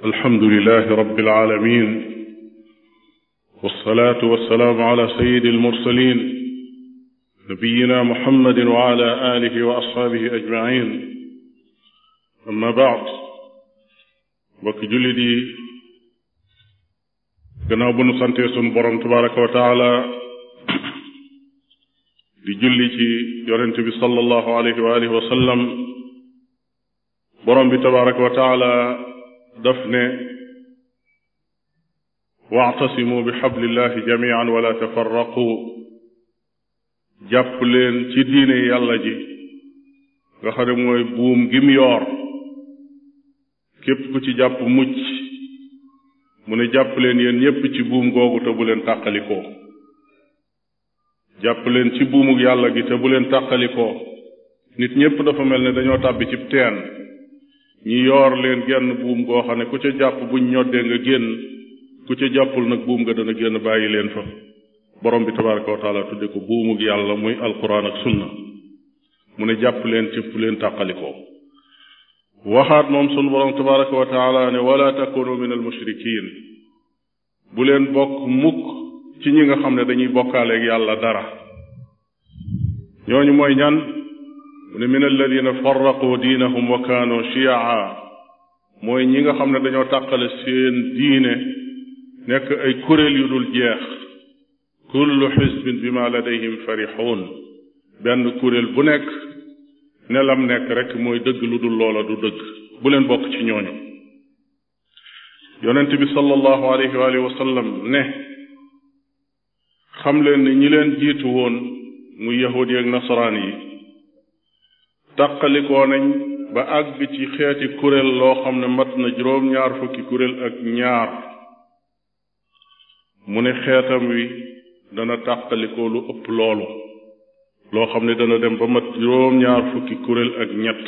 الحمد لله رب العالمين والصلاة والسلام على سيد المرسلين نبينا محمد وعلى آله وأصحابه أجمعين أما بعد وكجلدي جناب سنتيس برم تبارك وتعالى لجلتي يرنتبي صلى الله عليه وآله وسلم برم تبارك وتعالى daf ne waxtasimu bi xablillahi jamian wala tafarraqu jàpp leen ci diine yàlla ji nga xam ne mooy buum gim yoor képp ku ci jàpp mucc mu ne jàpp leen yéen ñépp ci buum googu te leen tàqalikoo jàpp leen ci buumuk yàlla gi te bu leen tàqalikoo nit ñépp dafa mel ne dañoo tàbbi ci teen ñu yoor leen genn buum goo xam ne ku ca jàpp buñ ñoddee nga génn ku ca jàppul nag buum nga dana génn bàyyi leen fa borom bi tabaraka wa taala tudde ko buumug yàlla muy alquran ak sunna mu ne jàpp leen cëpp leen tàqalikoo waxaat moom sunu borom tabaraka wa taala ne wala takunu min bu leen bokk mukk ci ñi nga xam ne dañuy bokkaaleeg yàlla dara ñooñu mooy ñan mu ne min alladina farraqu diinahum wa kaanu chiyaa mooy ñi nga xam ne dañoo tàqale seen diine nekk ay kuréel yu dul jeex kullu xisbin bima ladayhim farixuun benn kuréel bu nekk ne lam nekk rek mooy dëgg lu dul loola du dëgg bu leen bokk ci ñooñu yonent bi sallallahu alayhi wa alihi ne xam leen ne ñi leen jiitu woon muy yahudi ak nasaraan yi tàqalikoo nañ ba àgg ci xeeti kuréel loo xam ne mat na juróom-ñaar fukki kuréel ak ñaar mu ne xeetam wi dana tàqalikoo lu ëpp loolu loo xam ne dana dem ba mat juróom-ñaar fukki kuréel ak ñett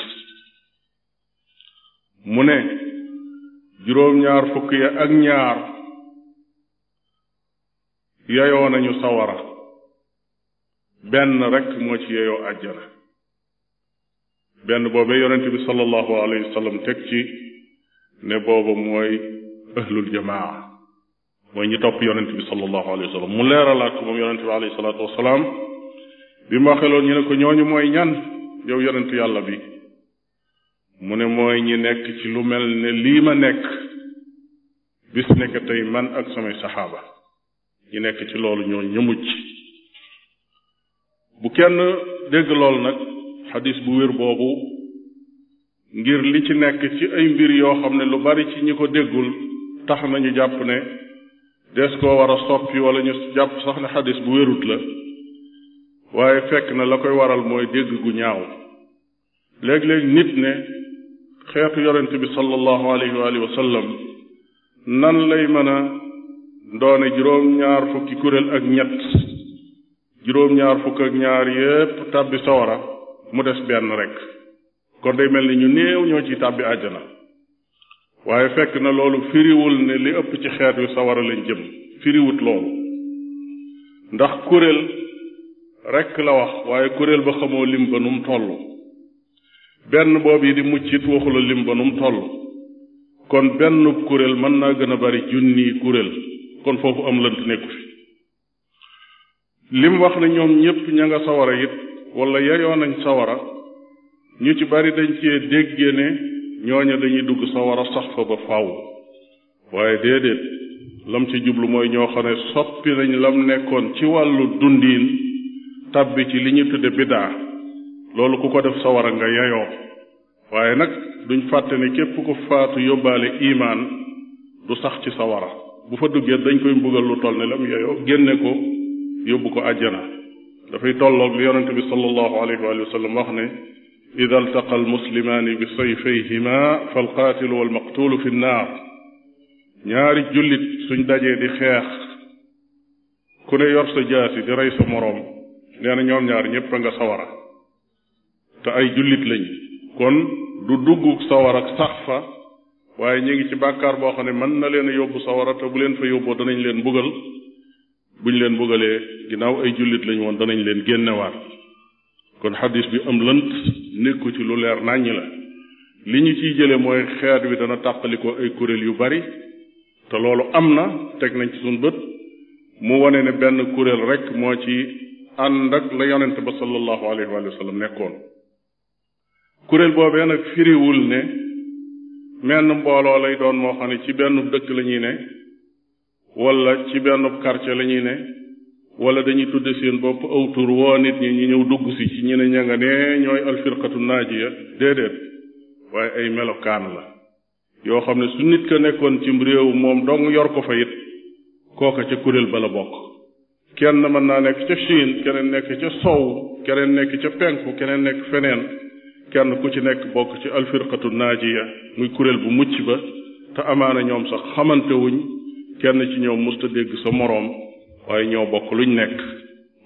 mu ne juróom-ñaar fukki ak ñaar yayoo nañu sawara benn rekk moo ci yeyoo àjjana benn boobee yonent bi sallallahu alayhi wa sallam teg ci ne booba mooy ahlul jamaa mooy ñi topp yonent bi sallallahu alayhi wa mu leeralaat moom yonent bi alayhi salaatu wasalaam bi mu waxee ñu ne ko ñooñu mooy ñan yow yonent yàlla bi mu ne mooy ñi nekk ci lu mel ne lii ma nekk bis nekk tey man ak samay saxaaba ñi nekk ci loolu ñoo ñu mucc bu kenn dégg loolu nag xadis bu wér boobu ngir li ci nekk ci ay mbir yoo xam ne lu bari ci ñi ko déggul tax nañu jàpp ne des koo war soppi wala ñu jàpp sax ne xadis bu wérut la waaye fekk na la koy waral mooy dégg gu ñaaw léeg-léeg nit ne xeetu yonent bi sallallahu alayhi wa nan lay mën a doone juróom-ñaar fukki kuréel ak ñett juróom-ñaar fukk ak ñaar yépp tàbbi sawara mu des benn rek kon day mel ni ñu néew ñoo ci tàbbi àjjana waaye fekk na loolu firiwul ne li ëpp ci xeet wi sawara lañ jëm firiwut loolu ndax kuréel rekk la wax waaye kuréel ba xamoo lim ba nu mu benn boobu yi di mucc it waxula lim ba nu mu toll kon benn kuréel mën naa gën a bari junni kuréel kon foofu am lënt nekku fi lim wax ne ñoom ñépp ña nga sawara it wala yeyoo nañ sawara ñu ci bari dañ cee déggee ne ñooña dañuy dugg sawara sax fa ba faw waaye déedéet lam ci jublu mooy ñoo xam ne soppi nañ lam nekkoon ci wàllu dundiin tàbbi ci li ñuy tudde bidaa loolu ku ko def sawara nga yeyoo waaye nag duñ fàtte ne képp ku faatu yóbbaale imaan du sax ci sawara bu fa duggee dañ koy buggal lu toll ne lam yeyoo génne ko yóbbu ko àjjana dafay tolloog li yonente bi sallallahu alayhi wa sallam wax ne ida altaqa almuslimaani bi sayfayhima falqaatilu walmaqtulu fi nnaar ñaari jullit suñ dajee di xeex ku ne yor sa jaasi di rey sa morom neena na ñoom ñaar ñépp nga sawara te ay jullit lañ kon du dugg sawar ak sax fa waaye ñu ngi ci bàkkaar boo xam ne mën na leen a yóbbu sawara te bu leen fa yóbboo danañ leen bugal bu ñu leen bëggalee ginnaaw ay jullit lañu woon danañu leen génnewaat kon xadis bi am lënt nekku ci lu leer nàññ la li ñu ciy jële mooy xeet wi dana ko ay kuréel yu bari te loolu am na teg nañ ci suñ bët mu wane ne benn kuréel rek moo ci ànd ak la yonent ba sallallahu alayhi wa sallam nekkoon kuréel boobee nag firiwul ne menn mbooloo lay doon moo xam ne ci benn dëkk la ñuy ne wala ci benn quartier la ñuy ne wala dañuy tudd seen bopp aw woo nit ñi ñu ñëw dugg si ci ñu ne ña nga ne ñooy alfirqatu naajiya déedéet waaye ay melokaan la yoo xam ne su nit ka nekkoon cim réew moom dong yor ko fa it kooka ca kuréel ba la bokk kenn mën naa nekk ca Chine keneen nekk ca sow keneen nekk ca penku keneen nekk feneen kenn ku ci nekk bokk ci alfirqatu ya muy kuréel bu mucc ba te amaana ñoom sax xamante kenn ci ñoom musta dégg sa moroom waaye ñoo bokk luñ nekk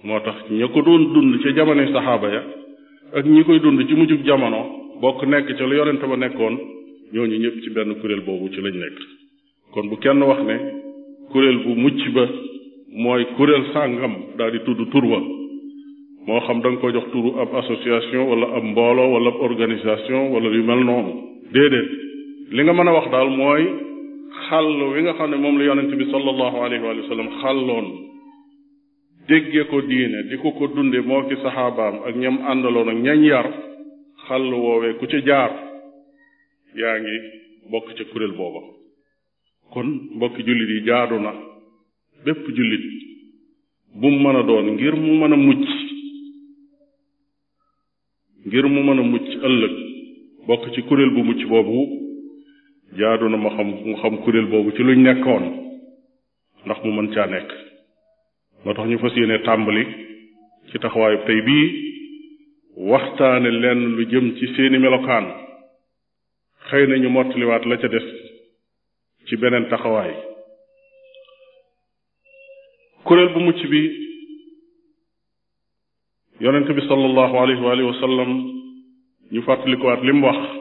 moo tax ña ko doon dund ca jamonoy saxaaba ya ak ñi koy dund ci mujjug jamono bokk nekk ca lu yonente ba nekkoon ñooñu ñëpp ci benn kuréel boobu ci lañ nekk kon bu kenn wax ne kuréel bu mucc ba mooy kuréel sàngam daal di tudd tur wa moo xam da ko jox turu ab association wala ab mbooloo wala ab organisation wala lu mel noonu déedéet li nga mën a wax daal mooy xàll wi nga xam ne moom la yonent bi sallallahu alayhi wa sallam xàlloon déggee ko diine di ko ko dunde moo ki saxaabaam ak ñam àndaloon ak ñañ yar xàll woowee ku ci jaar yaa ngi bokk ca kuréel booba kon mbokki jullit yi jaadu na bépp jullit bu mu mën a doon ngir mu mën a mucc ngir mu mën a mucc ëllëg bokk ci kuréel bu mucc boobu jaadu na ma xam mu xam kuréel boobu ci luñ nekkoon ndax mu mën caa nekk moo tax ñu fa yéene tàmbali ci taxawaayu tey bii waxtaane lenn lu jëm ci seeni melokaan xëy nañu ñu la ca des ci beneen taxawaay kuréel bu mucc bi yonent bi sallallahu alayhi wa ñu fàttalikuwaat lim wax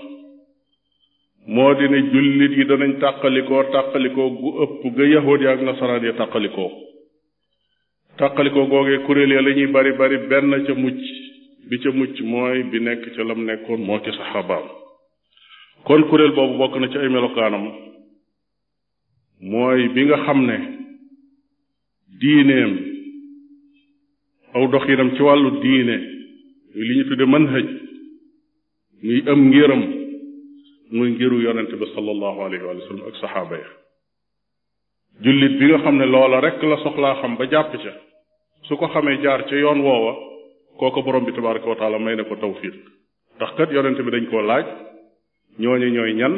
moo di ne jullit yi danañ tàqalikoo tàqalikoo gu ëpp ga yahuud ya ak nasaraan ya tàqalikoo tàqalikoo googee kuréel ya lañuy bari bari benn ca mucc bi ca mucc mooy bi nekk ca lam nekkoon moo ci saxaabaam kon kuréel boobu bokk na ci ay melokaanam mooy bi nga xam ne diineem aw doxinam ci wàllu diine li ñu tudde manhaj muy am ngiram muy ngiru yonente bi sallallahu alayhi wa sallam ak saxaaba ya jullit bi nga xam ne loola rek la soxlaa xam ba jàpp ca su ko xamee jaar ca yoon woowa kooko borom bi tabaraka wa taala may na ko tawfiq ndax kat yonente bi dañ koo laaj ñooñu ñooy ñan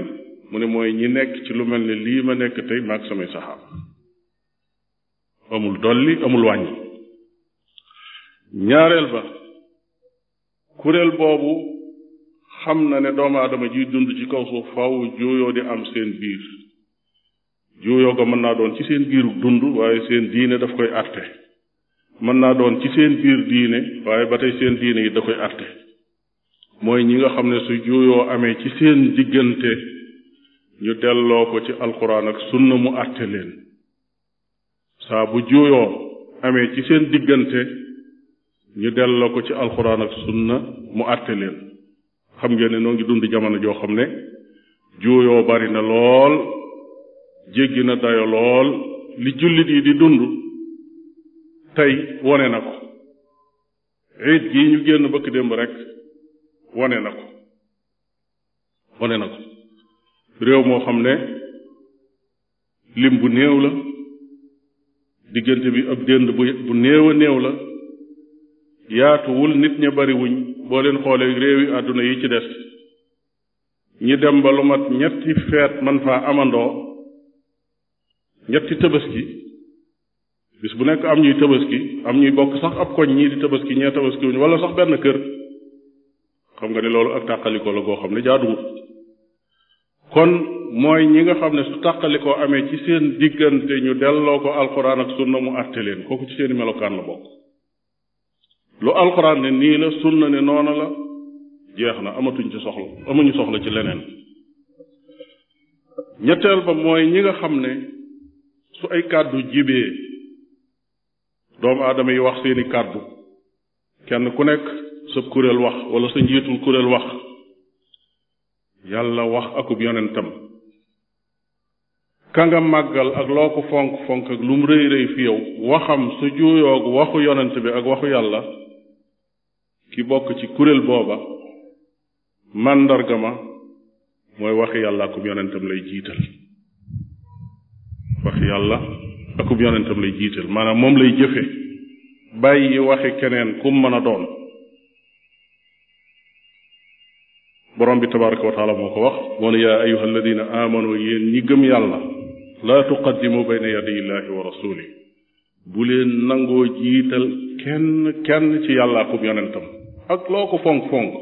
mu ne mooy ñi nekk ci lu mel ne lii ma nekk tey maag samay saxaaba amul dolli amul wàññi ñaareel ba kuréel boobu xam na ne doomu aadama jiy dund ci kaw suuf faaw juuyoo di am seen biir juuyoo ko mën naa doon ci seen biiru dund waaye seen diine daf koy àtte mën naa doon ci seen biir diine waaye ba tey seen diine yi da mooy ñi nga xam ne su juuyoo amee ci seen diggante ñu delloo ko ci alquran ak sunna mu àtte leen saa bu juuyoo amee ci seen diggante ñu delloo ko ci alquran ak sunna mu àtte leen xam ngeen ne ngi dund jamono joo xam ne juuyoo bari na lool jéggi na dayo lool li jullit yi di dund tey wone na ko génn bëkk démb rek wone na wone na réew moo xam ne lim bu néew la diggante bi ab dénd bu bu néew a néew la yaatuwul nit ña bariwuñ boo leen xoolee réew yi àdduna yi ci des ñi dem ba lu mat ñetti feet man faa amandoo ñetti tabaski bis bu nekk am ñuy tabaski am ñuy bokk sax ab koñ ñii di tabaski ñee tabaski wuñu wala sax benn kër xam nga ne loolu ak tàqalikoo la goo xam ne jaaduwut kon mooy ñi nga xam ne su tàqalikoo amee ci seen diggante ñu delloo ko alxuraan ak sunna mu àtte leen kooku ci seeni melokaan la bokk lu alxuraan ne nii la sunna ne noona la jeex na amatuñ ci soxla amuñu soxla ci leneen ñetteel ba mooy ñi nga xam ne su ay kàddu jibee doomu adama yi wax seeni kàddu kenn ku nekk sa kuréel wax wala sa njiitul kuréel wax yàlla wax akub yonentam ka nga màggal ak loo ko fonk fonk ak lu mu rëy fi yow waxam su juuyoog waxu yonent bi ak waxu yàlla ki bokk ci kuréel booba màndarga ma mooy waxi yàlla akub yonentam lay jiital waxi yàlla akub yonentam lay jiital maanaam moom lay jëfe bàyyi waxi keneen kum mën a doon borom bi tabaraka wa taala moo ko wax moo ne yaa ayuha alladina amanu yéen ñi yàlla laa tuqaddimu bayna yadi wa rasuli bu leen nangoo jiital kenn kenn ci yàlla akub yonentam ak loo ko fonk-fonk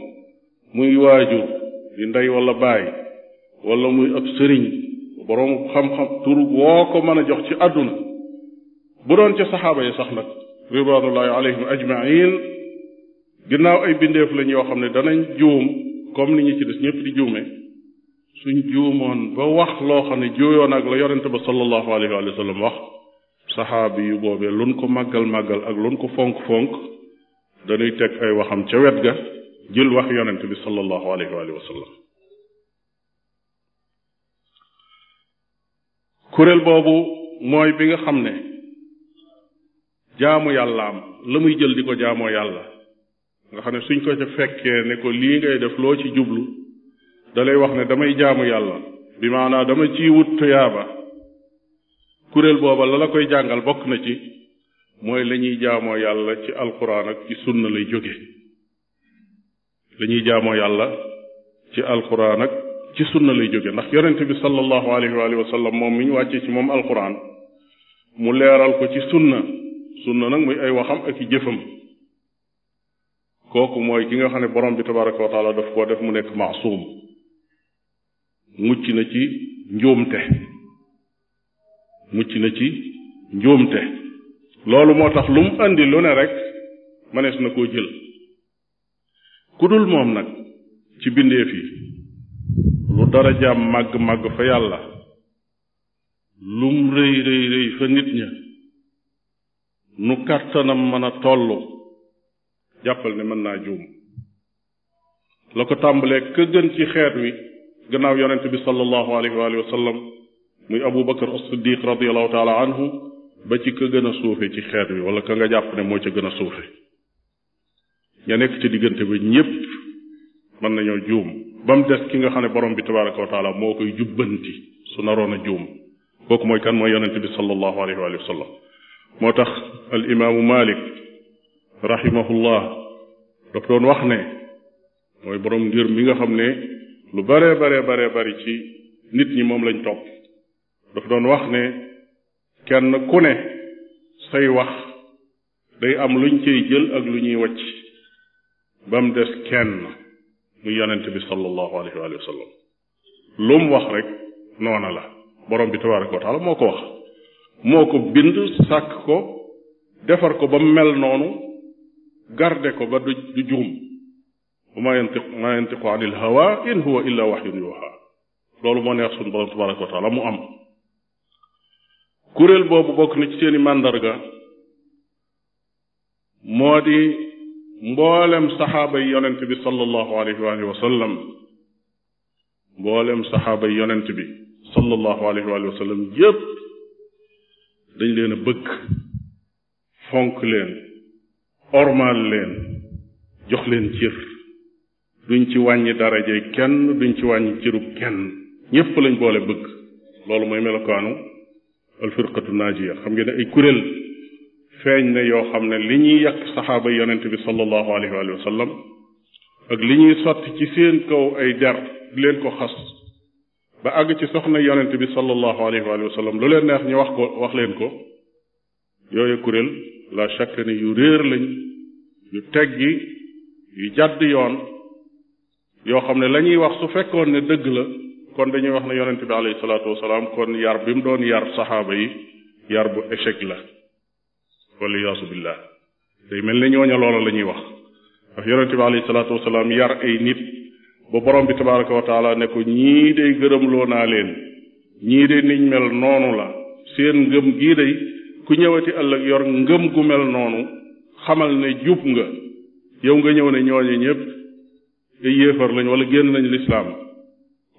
muy waajur di ndey wala baay wala muy ab sëriñ boroom xam-xam turu woo ko mën a jox ci àdduna bu doon ca saxaaba yi sax nag ridwanullahi alayhim ajmain ginnaaw ay bindeef lañ yoo xam ne danañ juum comme li ñu ci des ñëpp di juume suñ juumoon ba wax loo xam ne juuyoon ak la yonente ba sallallahu alayhi wa sallam wax saxaabi yu boobee luñ ko màggal màggal ak luñ ko fonk-fonk dañuy teg ay waxam ca wet ga jël wax yonent bi sallallahu alayhi wa sallam boobu mooy bi nga xam ne jaamu yàllaam la muy jël di ko jaamoo yàlla nga xam ne suñ ko ca fekkee ne ko lii ngay def loo ci jublu dalay wax ne damay jaamu yàlla bi maanaa dama ciy wut tuyaaba kuréel booba la la koy jàngal bokk na ci mooy la ñuy jaamoo yàlla ci alquran ak ci sunna lay jóge la ñuy jaamoo yàlla ci alquran ak ci sunna lay jóge ndax yonente bi sallallahu alayhi wa sallam moom mu ñu wàccee ci moom alquran mu leeral ko ci sunna sunna nag mooy ay waxam ak i jëfam kooku mooy ki nga xam ne borom bi tabaraka wa taala daf koo def mu nekk maasuum mucc na ci njuumte mucc na ci njuumte loolu moo tax lu mu andi lu ne rek mënees na koo jël ku dul moom nag ci bindeef yi lu dara jaam màgg màgg fa yàlla lum rëy rëy rëy fa nit ña nu kàttanam mën a tollu jàppal ne mën naa juum la ko tàmbalee ka gën ci xeet wi gannaaw yonent bi sallallahu alayhi wa sallam muy abu bakar as siddiq radiallahu taala anhu ba ci ka gën a suufe ci xeet wi wala ka nga jàpp ne moo ca gën a suufe nekk ci diggante bi ñépp mën nañoo juum ba mu des ki nga xam ne borom bi tabaraka wa moo koy jubbanti su naroon a juum kooku mooy kan mooy yonente bi sallallahu alayhi wa sallam moo tax al imaamu malik rahimahullah daf doon wax ne mooy borom ngir mi nga xam ne lu bare bare bare bari ci nit ñi moom lañ topp daf doon wax ne kenn ku ne say wax day am luñ cay jël ak lu ñuy wacc ba mu des kenn muy yonent bi sallallahu alayhi wa lu mu wax rek noona la borom bi tabaraka wa moo ko wax moo ko bind sàkk ko defar ko ba mel noonu garde ko ba du du juum wa ma yantiq ma yantiqu anil in huwa illa wahyun yuha loolu moo neex suñu borom tabaraka wa mu am kuréel boobu bokk na ci seeni màndarga moo di mboolem saxaaba yi yonent bi sallallahu alayhi wa sallam mboolem saxaaba yonent bi sallallahu alayhi wa sallam yépp dañ leen a bëgg fonk leen ormaal leen jox leen cër duñ ci wàññi daraje kenn duñ ci wàññi cërub kenn ñépp lañ boole bëgg loolu mooy melokaanu alfirqatu naajiya xam ngeen ne ay kuréel feeñ na yoo xam ne li ñuy yàq saxaaba yonent bi sallallahu alayhi wa sallam ak li ñuy sotti ci seen kaw ay der leen ko xas ba àgg ci soxna yonent bi sallallahu alayhi wa sallam lu leen neex ñu wax ko wax leen ko yooyu kuréel la chaque ne yu réer lañ yu teggi yu jàdd yoon yoo xam ne lañuy wax su fekkoon ne dëgg la kon dañuy wax na yonente bi alayhi salaatu wasalaam kon yar bi mu doon yar saxaaba yi yar bu échec la wala yaasu billah day mel na ñooña loola la ñuy wax ndax yonente bi alayhi yar ay nit ba borom bi tabaraka wa taala ne ko ñii day gërëmloo naa leen ñii day niñ mel noonu la seen ngëm gii day ku ñëwati ëllëg yor ngëm gu mel noonu xamal ne jub nga yow nga ñëw ne ñooñe ñëpp ay yéefar lañ wala génn nañ lislaam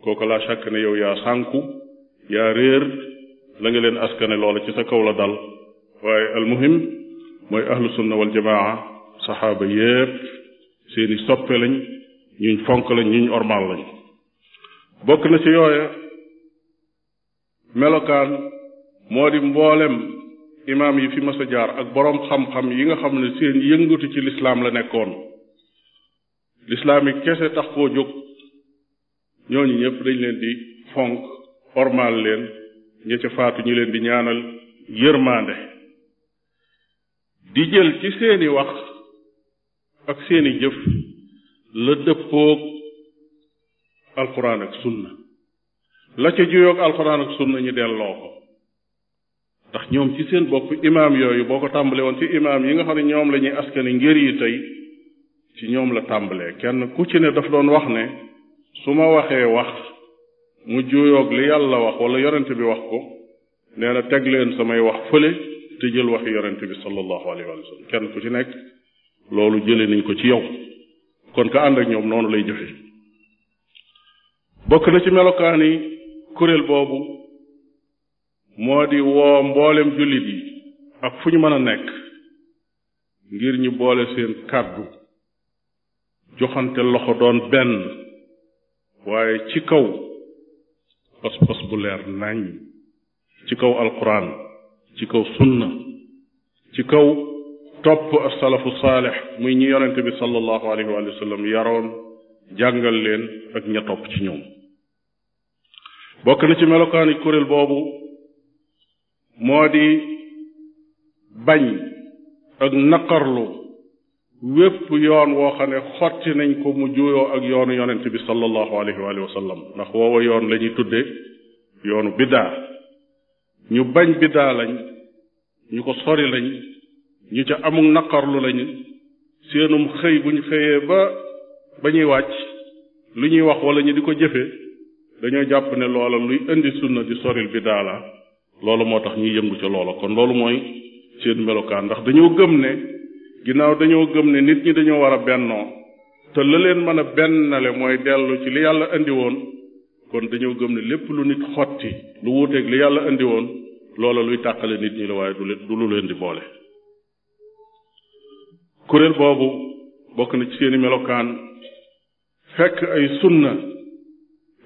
kooku laa chàkk ne yow yaa sànku yaa réer la nga leen askane loola ci sa kaw la dal waaye almuhim mooy ahlu sunna wal jamaa saxaaba yépp seeni soppe lañ ñuñ fonk lañ ñuñ ormaal lañ bokk na ci yooya melokaan moo di mboolem imaam yi fi mas a jaar ak boroom xam-xam yi nga xam ne seen yëngutu ci lislaam la nekkoon lislaam yi kese tax koo jóg ñooñu ñëpp dañ leen di fonk ormal leen ña faatu ñu leen di ñaanal yërmaande di jël ci seeni wax ak seeni jëf la dëppoog alxuraan ak sunna la ca juyoog alxuraan ak sunna ñu delloo ko ndax ñoom ci seen bopp imaam yooyu boo ko tàmbale woon ci imaam yi nga xam ne ñoom la ñuy askani ngër yi tey ci ñoom la tàmbalee kenn ku ci ne daf doon wax ne su ma waxee wax mu juuyoog li yàlla wax wala yonent bi wax ko nee teg leen samay wax fële te jël waxi yonent bi sallallahu alayhi wa sallam kenn ku ci nekk loolu jëlee nañ ko ci yow kon ka ànd ak ñoom noonu lay jëfe bokk na ci melokaani kuréel boobu moo di woo mboolem jullit yi ak fu ñu mën a nekk ngir ñu boole seen kàddu joxante loxo doon benn waaye ci kaw pas-pas bu leer nañ ci kaw alquran ci kaw sunna ci kaw topp asalafu saalix muy ñi yonente bi sallallahu alayhi wa sallam yaroon jàngal leen ak ña topp ci ñoom bokk na ci melokaani kuréel boobu moo di bañ ak naqarlu wépp yoon woo xam ne xotti nañ ko mu juuyoo ak yoonu yonent bi sallallahu alayhi wa sallam ndax woowa yoon la tudde yoonu biddaa ñu bañ biddaa lañ ñu ko sori lañ ñu ca amul naqarlu lañu seenum xëy bu ñu xëyee ba ba ñuy wàcc lu ñuy wax wala ñu di ko jëfe dañoo jàpp ne loola luy indi sunna di soril biddaa la loolu moo tax ñuy yëngu ci loola kon loolu mooy seen melokaan ndax dañoo gëm ne ginnaaw dañoo gëm ne nit ñi dañoo war a bennoo te la leen mën a bennale mooy dellu ci li yàlla indi woon kon dañoo gëm ne lépp lu nit xotti lu wuuteeg li yàlla indi woon loola luy tàqale nit ñi la waaye du leen du lu leen di boole kuréel boobu bokk na ci seeni melokaan fekk ay sunna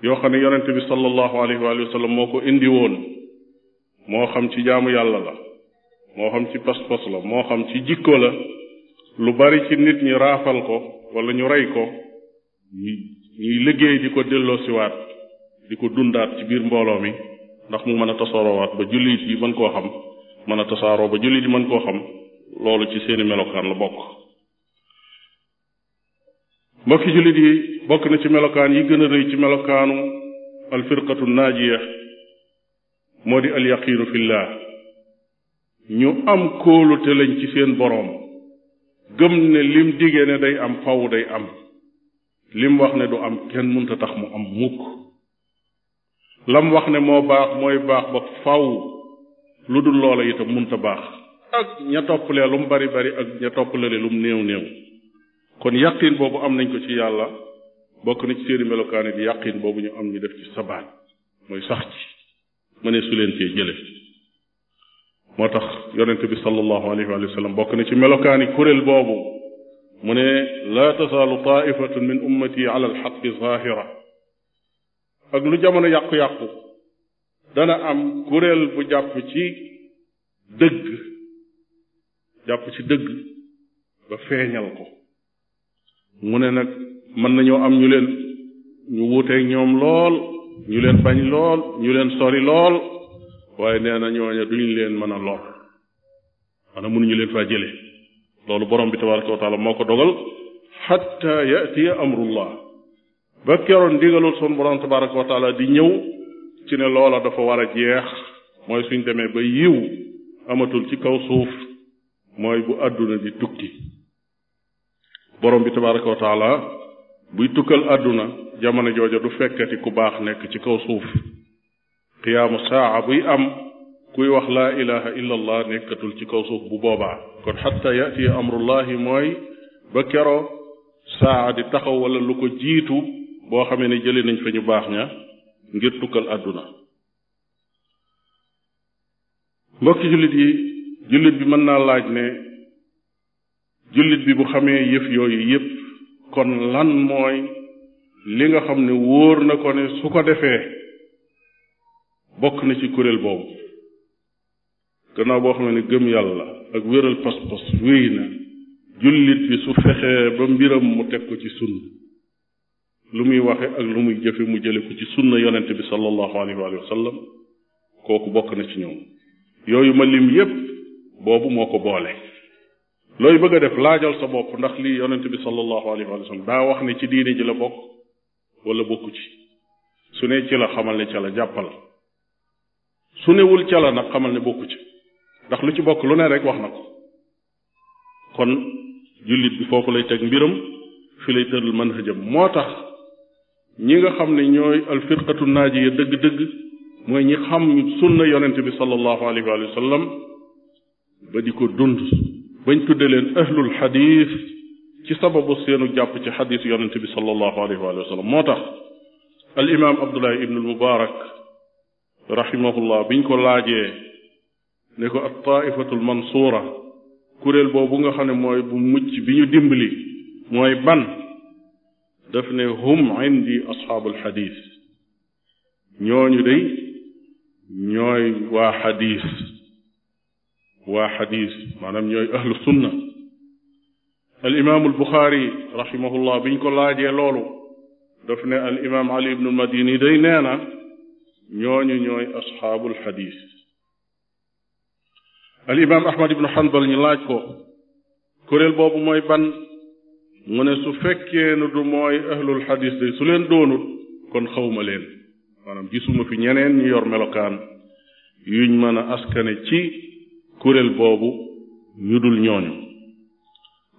yoo xam ne yonente bi sallallahu alayhi wa moo ko indi woon moo xam ci jaamu yàlla la moo xam ci pas-pas la moo xam ci jikko la lu bari ci nit ñi raafal ko walla ñu rey ko ñuy liggéey di ko delloosiwaat di ko dundaat ci biir mbooloo mi ndax mu mën a tasaaroowaat ba jullit yi mën koo xam mën a tasaaroo ba jullit yi mën koo xam loolu ci seeni melokaan la bokk mbokki jullit yi bokk na ci melokaan yi gën a rëy ci melokaanu alfirqatu naajiya moo di alyaqiinu fillah ñu am kóolute lañ ci seen boroom gëm ne lim digee ne day am faw day am lim wax ne du am kenn mënta tax mu am mukk lam wax ne moo baax mooy baax ba faw lu dul loola itam mënta baax ak ña toppalee lu mu bari bari ak ña toppalale lu mu néew néew kon yàqin boobu am nañ ko ci yàlla bokk na ci seeni melokaani bi yàqin boobu ñu am ñu def ci sabaat mooy sax ci ma ne su leen cee jële moo tax yonente bi sallallahu alayhi wa sallam bokk na ci melokaani kuréel boobu mu ne laa tasaalu taaifatun min ummati ala alxaqi zahira ak lu jamono yàqu-yàqu dana am kuréel bu jàpp ci dëgg jàpp ci dëgg ba feeñal ko mu ne nag mën nañoo am ñu leen ñu wuuteeg ñoom lool ñu leen bañ lool ñu leen sori lool waaye nee na ñooña duñ leen mën a lor maanaam mënuñu leen faa jële loolu borom bi tabaraka wa taala moo ko dogal xatta yatiya amrullah ba keroon ndigalul son borom tabaraka wa taala di ñëw ci ne loola dafa war a jeex mooy suñ demee ba yiw amatul ci kaw suuf mooy bu àdduna di tukki borom bi tabaraka wa taala buy tukkal àdduna jamono jooja du fekkati ku baax nekk ci kaw suuf qiyaamu saa buy am kuy wax laa ilaha illa nekkatul ci kaw suuf bu boobaa kon xatta yati amrullahi mooy ba kero saa di taxaw wala lu ko jiitu boo xamee ne jëlee nañ fa ñu baax ña ngir tukkal àdduna mbokki jullit yi jullit bi mën naa laaj ne jullit bi bu xamee yëf yooyu yépp kon lan mooy li nga xam ne wóor na ko ne su ko defee bokk na ci kuréel boobu gannaaw boo xam ne gëm yàlla ak wéral pas-pas wéy na jullit bi su fexee ba mbiram mu teg ko ci sunna lu muy waxe ak lu muy jëfe mu jële ko ci sunna yonent bi sallallahu alayhi wa sallam kooku bokk na ci ñëw yooyu ma lim yépp boobu moo ko boole looy bëgg a def laajal sa bopp ndax lii yonent bi sallallahu alayhi wa sallam daa wax ne ci diine ji la bokk wala bokku ci su ne ci la xamal ne ca la jàppal su newul ca la xamal ne bokku ci ndax lu ci bokk lu ne rek wax na ko kon jullit bi foofu lay teg mbiram fi lay tëral manhajam moo tax ñi nga xam ne ñooy alfirqatu yi dëgg-dëgg mooy ñi xam sunna yonent bi sallallahu alayhi wa sallam ba di ko dund bañ tudde leen ahlul xadiis ci sababu seenu jàpp ci xadiis yonent bi sallallahu alayhi wa sallam moo tax al imaam Abdullah ibn al rahimahullah biñ ko laajee ne ko at taifatul mansuura kuréel boobu nga xam ne mooy bu mucc bi ñu dimbali mooy ban daf ne hum indi asxaabul xadis ñooñu day ñooy waa xadis waa xadis maanaam ñooy ahlu sunna al imaamu albuxaari rahimahullah biñ ko laajee loolu daf ne al imaam ali ibnu madini day nee na ñooñu ñooy asxaabul xadiis al imaam ahmad ibnu hanbal ñu laaj ko kuréel boobu mooy ban mu ne su fekkee ne du mooy ahlul xadiis de su leen doonut kon xawma leen maanaam gisuma fi ñeneen ñu yor melokaan yuñ mën a askane ci kuréel boobu ñu dul ñooñu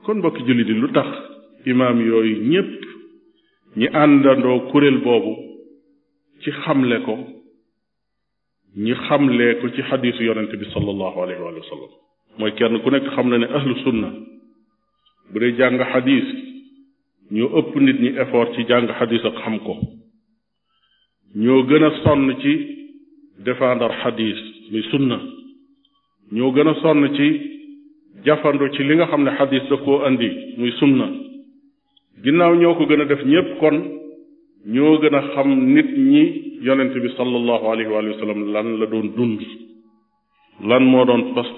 kon mbokki julli di lu tax imaam yooyu ñépp ñi àndandoo kuréel boobu ci xamle ko ñu xamlee ko ci xadiisu yonente bi sallallahu alayhi wa sallam mooy kenn ku nekk xam na ne ahlu sunna bu dee jàng xadiis ñoo ëpp nit ñi effort ci jàng xadiis ak xam ko ñoo gën a sonn ci défendre xadiis muy sunna ñoo gën a sonn ci jafandu ci li nga xam ne xadiis da koo andi muy sunna ginnaaw ñoo ko gën a def ñépp kon ñoo gën a xam nit ñi yonent bi sallallahu alayhi wa sallam lan la doon dund lan moo doon pas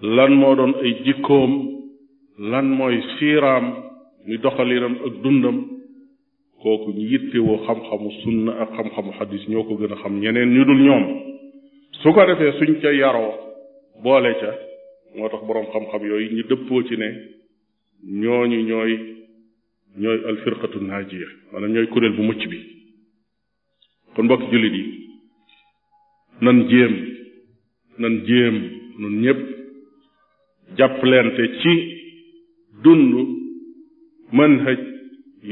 lan moo doon ay jikkoom lan mooy siiraam ni doxalinam ak dundam kooku ñu yittewoo xam-xamu sunna ak xam-xamu xadis ñoo ko gën a xam ñeneen ñu dul ñoom su ko defee suñ ca yaroo boole ca moo tax boroom xam-xam yooyu ñu dëppoo ci ne ñooñu ñooy ñooy al firqatu naajiya maanaam ñooy kuréel bu mucc bi kon mbokk jullit yi nan jéem nan jéem nun ñëpp jàppalante ci dund manhaj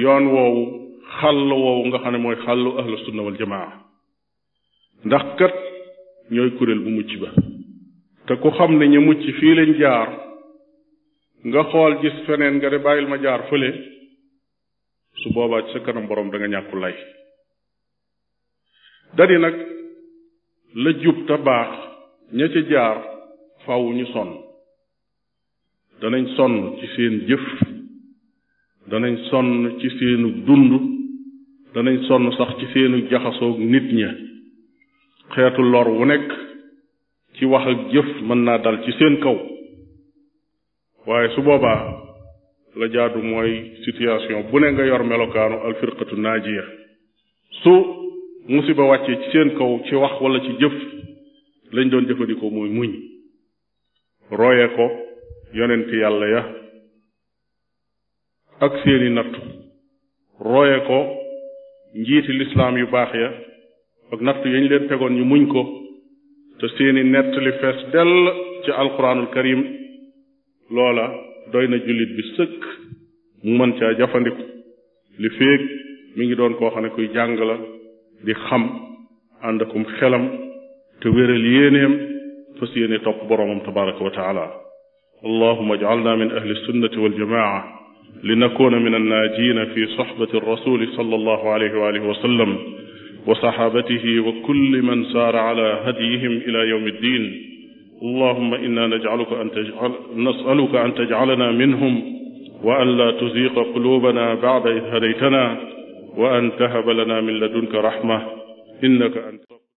yoon woowu xàll woowu nga xam ne mooy xàllu ahlu sunna wal jamaa ndax kat ñooy kuréel bu mucc ba te ku xam ne ñu mucc fii lañ jaar nga xool gis feneen nga de bàyyil ma jaar fële su boobaa ci sa kanam boroom da nga ñàkku lay dadi nag la jub te baax ña ca jaar faw ñu sonn danañ sonn ci seen jëf danañ sonn ci seenu dund danañ sonn sax ci seenu jaxasoog nit ña xeetu lor wu nekk ci wax jëf mën naa dal ci seen kaw waaye su boobaa la jaadu mooy situation bu ne nga yor melokaanu alfirqatu naajiya su musiba wàccee ci seen kaw ci wax wala ci jëf lañ doon jëfandikoo mooy muñ roye ko yonent yàlla ya ak seeni nattu roye ko njiiti lislaam yu baax ya ak nattu yañ leen tegoon ñu muñ ko te seeni nettali fees dell ci alquranul karim loola doy na jullit bi sëkk mu mën caa jafandiku li féeg mi ngi doon koo xam ne kuy jàng la di xam ànd akum xelam te wéral yéeneem fas yéene topp boromam tabaraka wa taala allahuma ajcalna min ahli sunnati waljamaa لنكون من الناجين في صحبة الرسول صلى الله عليه وآله وسلم وصحابته وكل من سار على هديهم إلى يوم الدين اللهم إنا نجعلك أن تجعل نسألك أن تجعلنا منهم وألا تزيق قلوبنا بعد إذ هديتنا وأن تهب لنا من لدنك رحمة إنك أنت